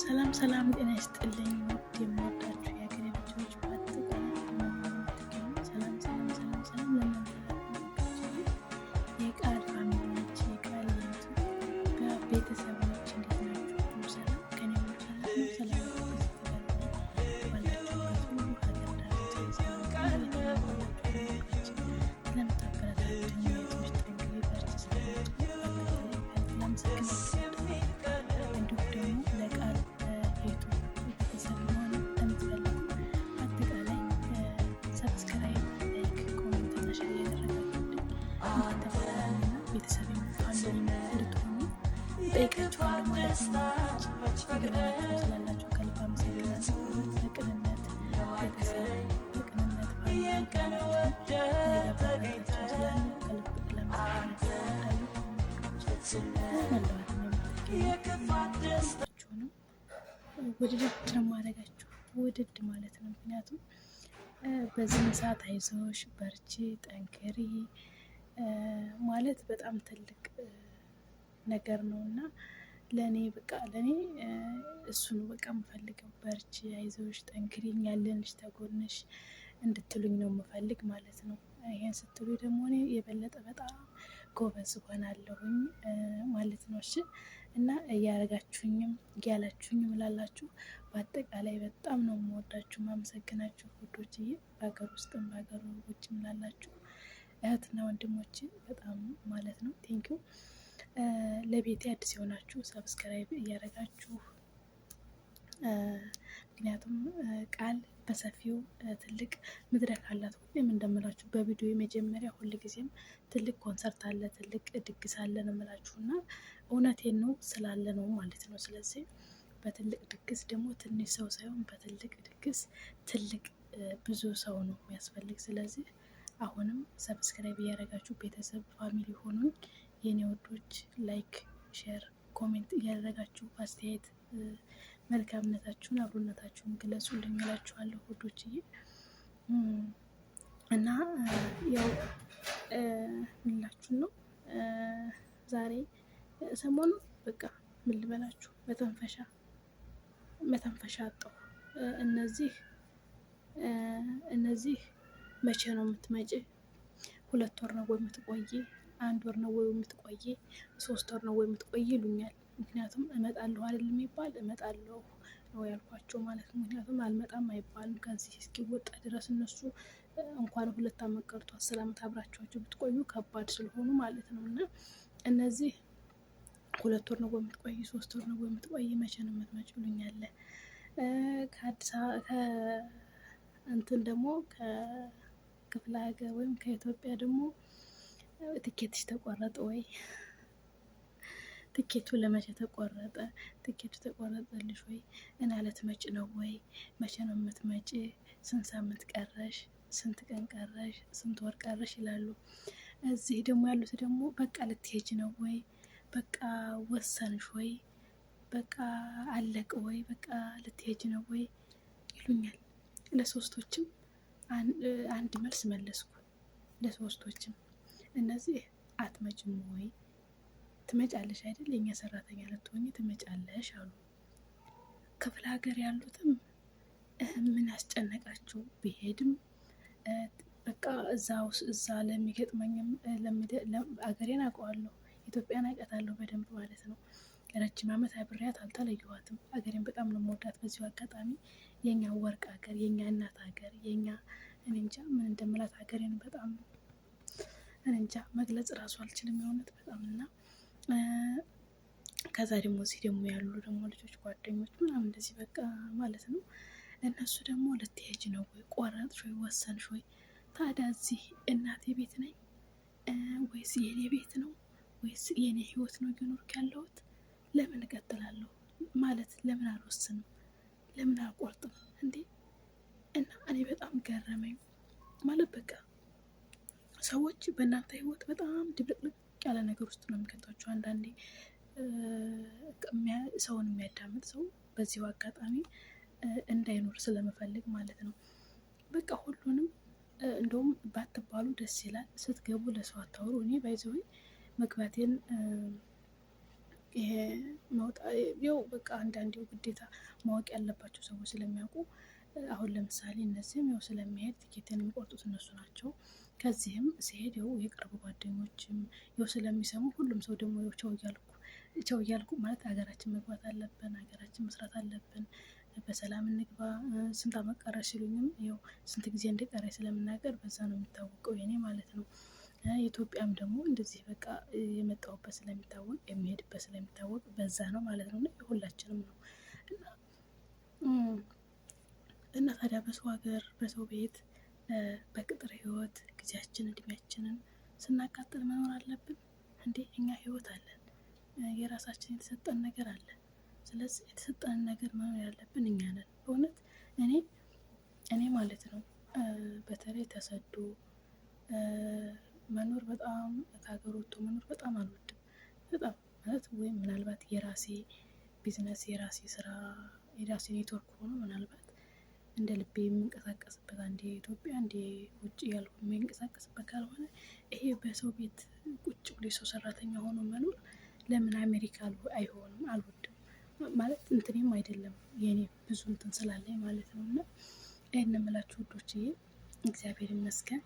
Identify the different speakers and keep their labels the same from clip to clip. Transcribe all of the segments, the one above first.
Speaker 1: ሰላም ሰላም፣ ጤና ይስጥልኝ የምወዳችሁ ቤተሰብ እንድትሆኑ እጠይቃችኋለሁ ማድረጋችሁ ውድድ ማለት ነው። ምክንያቱም በዚህ ሰዓት አይዞሽ፣ በርቺ፣ ጠንክሪ ማለት በጣም ትልቅ ነገር ነው እና ለእኔ በቃ ለእኔ እሱ ነው በቃ የምፈልገው። በርቺ፣ አይዞሽ፣ ጠንክሪ፣ ያለንሽ ተጎንሽ እንድትሉኝ ነው የምፈልግ ማለት ነው። ይሄን ስትሉ ደግሞ እኔ የበለጠ በጣም ጎበዝ ሆናለሁኝ ማለት ነው። እሺ እና እያረጋችሁኝም እያላችሁኝም ላላችሁ በአጠቃላይ በጣም ነው የምወዳችሁ፣ ማመሰግናችሁ ውዶችዬ፣ በሀገር ውስጥም በሀገር ውጭም ላላችሁ እህትና ወንድሞችን በጣም ማለት ነው ቴንኪው። ለቤቴ አዲስ የሆናችሁ ሰብስክራይብ እያደረጋችሁ ምክንያቱም ቃል በሰፊው ትልቅ መድረክ አላት። ሁሌም እንደምላችሁ በቪዲዮ የመጀመሪያ ጊዜም ትልቅ ኮንሰርት አለ፣ ትልቅ ድግስ አለ ነው የምላችሁ እና እውነቴን ነው ስላለ ነው ማለት ነው። ስለዚህ በትልቅ ድግስ ደግሞ ትንሽ ሰው ሳይሆን በትልቅ ድግስ ትልቅ ብዙ ሰው ነው የሚያስፈልግ። ስለዚህ አሁንም ሰብስክራይብ እያደረጋችሁ ቤተሰብ ፋሚሊ ሆኑኝ። የኔ ወዶች ላይክ፣ ሼር፣ ኮሜንት እያደረጋችሁ አስተያየት መልካምነታችሁን አብሮነታችሁን ግለጹ እላችኋለሁ ወዶች እና ያው ምንላችሁ ነው ዛሬ ሰሞኑ በቃ ምን ልበላችሁ መተንፈሻ መተንፈሻ አጣሁ። እነዚህ እነዚህ መቼ ነው የምትመጪ? ሁለት ወር ነው ወይ የምትቆይ? አንድ ወር ነው ወይ የምትቆይ? ሶስት ወር ነው ወይ የምትቆይ ይሉኛል። ምክንያቱም እመጣለሁ አይደለም የሚባል እመጣለሁ ነው ያልኳቸው ማለት ነው። ምክንያቱም አልመጣም አይባልም። ከዚህ እስኪወጣ ድረስ እነሱ እንኳን ሁለት አመት ቀርቶ አስር አመት አብራችኋቸው ብትቆዩ ከባድ ስለሆኑ ማለት ነው እና እነዚህ ሁለት ወር ነው የምትቆይ፣ ሶስት ወር ነው የምትቆይ፣ መቼ ነው የምትመጪ ይሉኛል። ከአዲስ እንትን ደግሞ ክፍለ ሀገር ወይም ከኢትዮጵያ ደግሞ ትኬትሽ ተቆረጠ ወይ? ትኬቱ ለመቼ ተቆረጠ? ትኬቱ ተቆረጠልሽ ወይ? እና ልትመጪ ነው ወይ? መቼ ነው የምትመጪ? ስንት ሳምንት ቀረሽ? ስንት ቀን ቀረሽ? ስንት ወር ቀረሽ ይላሉ። እዚህ ደግሞ ያሉት ደግሞ በቃ ልትሄጅ ነው ወይ? በቃ ወሰንሽ ወይ? በቃ አለቅ ወይ? በቃ ልትሄጅ ነው ወይ ይሉኛል። ለሶስቶችም አንድ መልስ መለስኩ ለሶስቶችም። እነዚህ አትመጭም ወይ ትመጫለሽ አይደል የኛ ሰራተኛ ልትሆኚ ትመጫለሽ አሉ። ክፍለ ሀገር ያሉትም ምን ያስጨነቃቸው ብሄድም በቃ እዛ እዛ ለሚገጥመኝም አገሬን አውቀዋለሁ ኢትዮጵያን አውቃታለሁ በደንብ ማለት ነው። ረጅም ዓመት አብሬያት አልተለየኋትም። አገሬን በጣም ነው የምወዳት። በዚሁ አጋጣሚ የኛ ወርቅ ሀገር፣ የኛ እናት ሀገር፣ የኛ እንጃ ምን እንደምላት ነው። በጣም እንጃ መግለጽ ራሱ አልችልም። የሆነት በጣም እና ከዛ ደግሞ እዚህ ደግሞ ያሉ ደግሞ ልጆች ጓደኞች ምናምን እንደዚህ በቃ ማለት ነው። እነሱ ደግሞ ልትሄጅ ነው ወይ ቆረጥሽ ወይ ወሰንሽ ወይ? ታዲያ እዚህ እናቴ ቤት ነኝ ወይስ የኔ ቤት ነው ወይስ የኔ ህይወት ነው እየኖርኩ ያለሁት? ለምን እቀጥላለሁ ማለት ለምን አልወስንም? ለምን አያቋርጥም እንዴ? እና እኔ በጣም ገረመኝ ማለት በቃ ሰዎች በእናንተ ህይወት በጣም ድብልቅልቅ ያለ ነገር ውስጥ ነው የሚከቷቸው። አንዳንዴ ሰውን የሚያዳምጥ ሰው በዚሁ አጋጣሚ እንዳይኖር ስለመፈልግ ማለት ነው። በቃ ሁሉንም እንደውም ባትባሉ ደስ ይላል። ስትገቡ ለሰው አታወሩ። እኔ ባይዘወይ መግባቴን ይሄ ያው በቃ አንዳንዴው ግዴታ ማወቅ ያለባቸው ሰዎች ስለሚያውቁ አሁን ለምሳሌ እነዚህም ያው ስለሚሄድ ትኬትን የሚቆርጡት እነሱ ናቸው። ከዚህም ሲሄድ ያው የቅርብ ጓደኞችም ያው ስለሚሰሙ ሁሉም ሰው ደግሞ ያው ቸው እያልኩ ቸው እያልኩ ማለት ሀገራችን መግባት አለብን፣ ሀገራችን መስራት አለብን፣ በሰላም እንግባ። ስንት አመት ቀረ ሲሉኝም ያው ስንት ጊዜ እንደቀረ ስለምናገር በዛ ነው የሚታወቀው የኔ ማለት ነው። ኢትዮጵያም ደግሞ እንደዚህ በቃ የመጣሁበት ስለሚታወቅ የሚሄድበት ስለሚታወቅ በዛ ነው ማለት ነው። እና የሁላችንም ነው እና ታዲያ በሰው ሀገር በሰው ቤት በቅጥር ህይወት ጊዜያችን እድሜያችንን ስናቃጥል መኖር አለብን እንዴ? እኛ ህይወት አለን፣ የራሳችን የተሰጠን ነገር አለ። ስለዚህ የተሰጠንን ነገር መኖር ያለብን እኛ ነን። በእውነት እኔ እኔ ማለት ነው በተለይ ተሰዶ መኖር በጣም ከሀገር ወጥቶ መኖር በጣም አልወድም። በጣም ማለት ወይም ምናልባት የራሴ ቢዝነስ የራሴ ስራ የራሴ ኔትወርክ ሆኖ ምናልባት እንደ ልቤ የምንቀሳቀስበት አንዴ ኢትዮጵያ አንዴ ውጭ ያልኩ የምንቀሳቀስበት ካልሆነ ይሄ በሰው ቤት ቁጭ ብሎ የሰው ሰራተኛ ሆኖ መኖር ለምን አሜሪካ አይሆንም? አልወድም ማለት እንትኔም አይደለም የኔ ብዙ እንትን ስላለኝ ማለት ነው። እና ይህን የምላችሁ ይሄ እግዚአብሔር ይመስገን።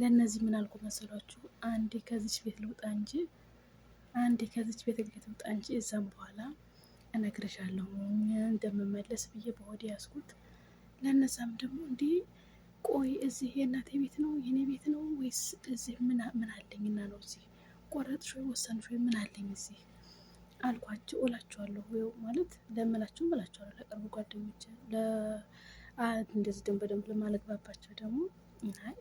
Speaker 1: ለእነዚህ ምን አልኩ መሰሏችሁ? አንዴ ከዚች ቤት ልውጣ እንጂ አንዴ ከዚች ቤት እንግዲህ ልውጣ እንጂ እዛም በኋላ እነግርሻለሁ እንደምመለስ ብዬ በሆዴ ያዝኩት። ለእነዛም ደግሞ እንዲህ ቆይ እዚህ የእናቴ ቤት ነው የኔ ቤት ነው ወይስ እዚህ ምን አለኝና ነው እዚህ ቆረጥሽ ወይ ወሰንሽ ወይ ምን አለኝ እዚህ አልኳቸው እላቸዋለሁ። ይኸው ማለት ለምላቸው እላቸዋለሁ ለቅርብ ጓደኞች እንደዚህ ደንብ በደንብ ለማለግባባቸው ደግሞ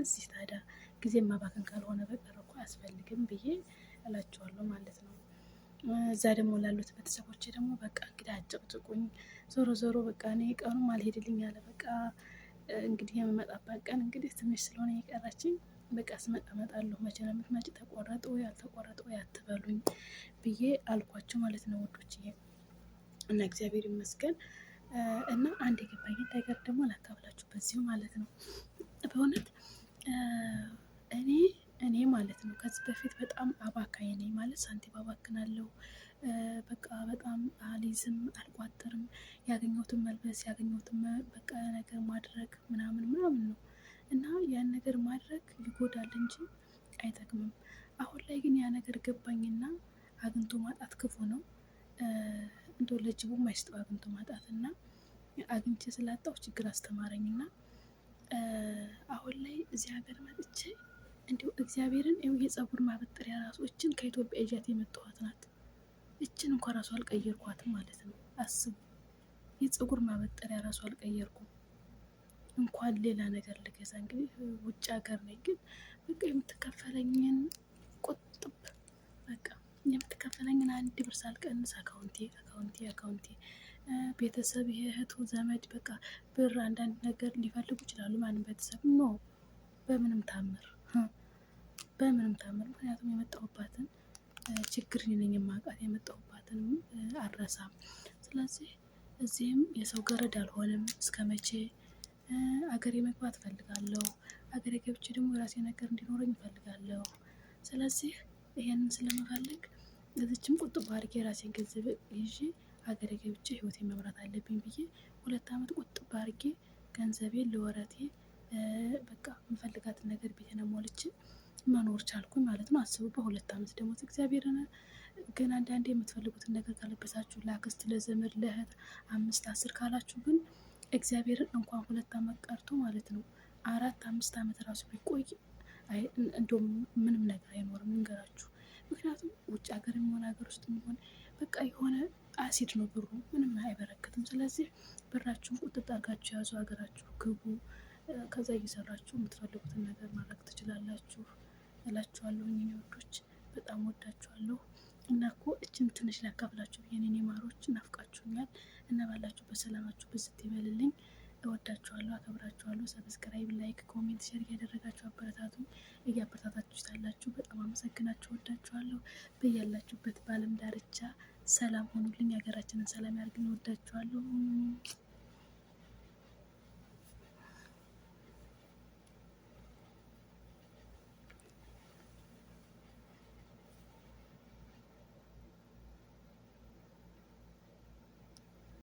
Speaker 1: እዚህ ታዲያ ጊዜ ማባከን ካልሆነ በቀር እኮ አያስፈልግም ብዬ እላችኋለሁ ማለት ነው። እዛ ደግሞ ላሉት ቤተሰቦቼ ደግሞ በቃ እንግዲህ አጨቅጭቁኝ። ዞሮ ዞሮ በቃ እኔ ቀኑም አልሄድልኝ ያለ በቃ እንግዲህ የምመጣባት ቀን እንግዲህ ትንሽ ስለሆነ የቀራችኝ በቃ ስመጣ እመጣለሁ። መቼ ነው የምትመጪ? ተቆረጠ ወይ አልተቆረጠ ወይ አትበሉኝ ብዬ አልኳቸው ማለት ነው ይሄ እና እግዚአብሔር ይመስገን እና አንድ የገባኝን ነገር ደግሞ ላካፍላችሁ በዚሁ ማለት ነው። በእውነት እኔ እኔ ማለት ነው ከዚህ በፊት በጣም አባካይ ነኝ ማለት ሳንቲም አባክናለሁ። በቃ በጣም አልይዝም፣ አልቋጥርም። ያገኘሁትን መልበስ ያገኘሁትን በቃ ነገር ማድረግ ምናምን ምናምን ነው እና ያን ነገር ማድረግ ይጎዳል እንጂ አይጠቅምም። አሁን ላይ ግን ያ ነገር ገባኝና አግኝቶ ማጣት ክፉ ነው። እንደው ለጅቡም አይስጠው አግኝቶ ማጣት እና አግኝቼ ስላጣው ችግር አስተማረኝና እዚህ ሀገር መጥቼ እንዲሁ እግዚአብሔርን ይኸው የጸጉር ማበጠሪያ ራሱ እችን ከኢትዮጵያ እጃት የመጣኋት ናት። እችን እንኳ ራሱ አልቀየርኳትም ማለት ነው። አስቡ፣ የጸጉር ማበጠሪያ ራሱ አልቀየርኩም። እንኳን ሌላ ነገር ልገዛ እንግዲህ ውጭ ሀገር ነኝ። ግን በቃ የምትከፈለኝን ቁጥብ በቃ የምትከፈለኝን አንድ ብር ሳልቀንስ አካውንቴ አካውንቴ አካውንቴ ቤተሰብ የእህቱ ዘመድ በቃ ብር አንዳንድ ነገር ሊፈልጉ ይችላሉ። ማንም ቤተሰብ ነው በምንም ታምር በምንም ታምር። ምክንያቱም የመጣሁባትን ችግር ነኝ የማውቃት የመጣሁባትን አልረሳም። ስለዚህ እዚህም የሰው ገረድ አልሆንም። እስከ መቼ አገሬ መግባት እፈልጋለሁ። አገሬ ገብቼ ደግሞ የራሴ ነገር እንዲኖረኝ እፈልጋለሁ። ስለዚህ ይሄንን ስለምፈልግ እዚችም ቁጥብ አድርጌ የራሴን ገንዘብ ይዤ አገሬ ገብቼ ህይወቴን መምራት አለብኝ ብዬ ሁለት ዓመት ቁጥብ አድርጌ ገንዘቤን ለወረቴ በቃ የምፈልጋትን ነገር ቤቴን ሞልቼ መኖር ቻልኩኝ ማለት ነው። አስቡ በሁለት ዓመት ደሞዝ እግዚአብሔርን ግን አንዳንዴ የምትፈልጉትን ነገር ካለበሳችሁ ለአክስት፣ ለዘመድ፣ ለእህት አምስት አስር ካላችሁ ግን እግዚአብሔርን እንኳን ሁለት ዓመት ቀርቶ ማለት ነው አራት አምስት ዓመት ራሱ ቢቆይ እንደውም ምንም ነገር አይኖርም እንገራችሁ። ምክንያቱም ውጭ ሀገር የሚሆን ሀገር ውስጥ የሚሆን በቃ የሆነ አሲድ ነው ብሩ ምንም አይበረክትም። ስለዚህ ብራችሁን ቁጥጥ አድርጋችሁ የያዙ ሀገራችሁ ግቡ። ከዛ እየሰራችሁ የምትፈልጉትን ነገር ማድረግ ትችላላችሁ እላችኋለሁ። እኔ ወዶች በጣም ወዳችኋለሁ እና እኮ እችን ትንሽ ላካፍላችሁ ብዬ እኔ ማሮች ናፍቃችሁኛል እና ባላችሁበት ሰላማችሁ ብዝት ይበልልኝ። እወዳችኋለሁ፣ አከብራችኋለሁ። ሰብስክራይብ፣ ላይክ፣ ኮሜንት፣ ሼር እያደረጋችሁ አበረታቱ። እያበረታታችሁ ሳላችሁ በጣም አመሰግናችሁ፣ ወዳችኋለሁ። በያላችሁበት በዓለም ዳርቻ ሰላም ሆኑልኝ። ሀገራችንን ሰላም ያርግን። ወዳችኋለሁ።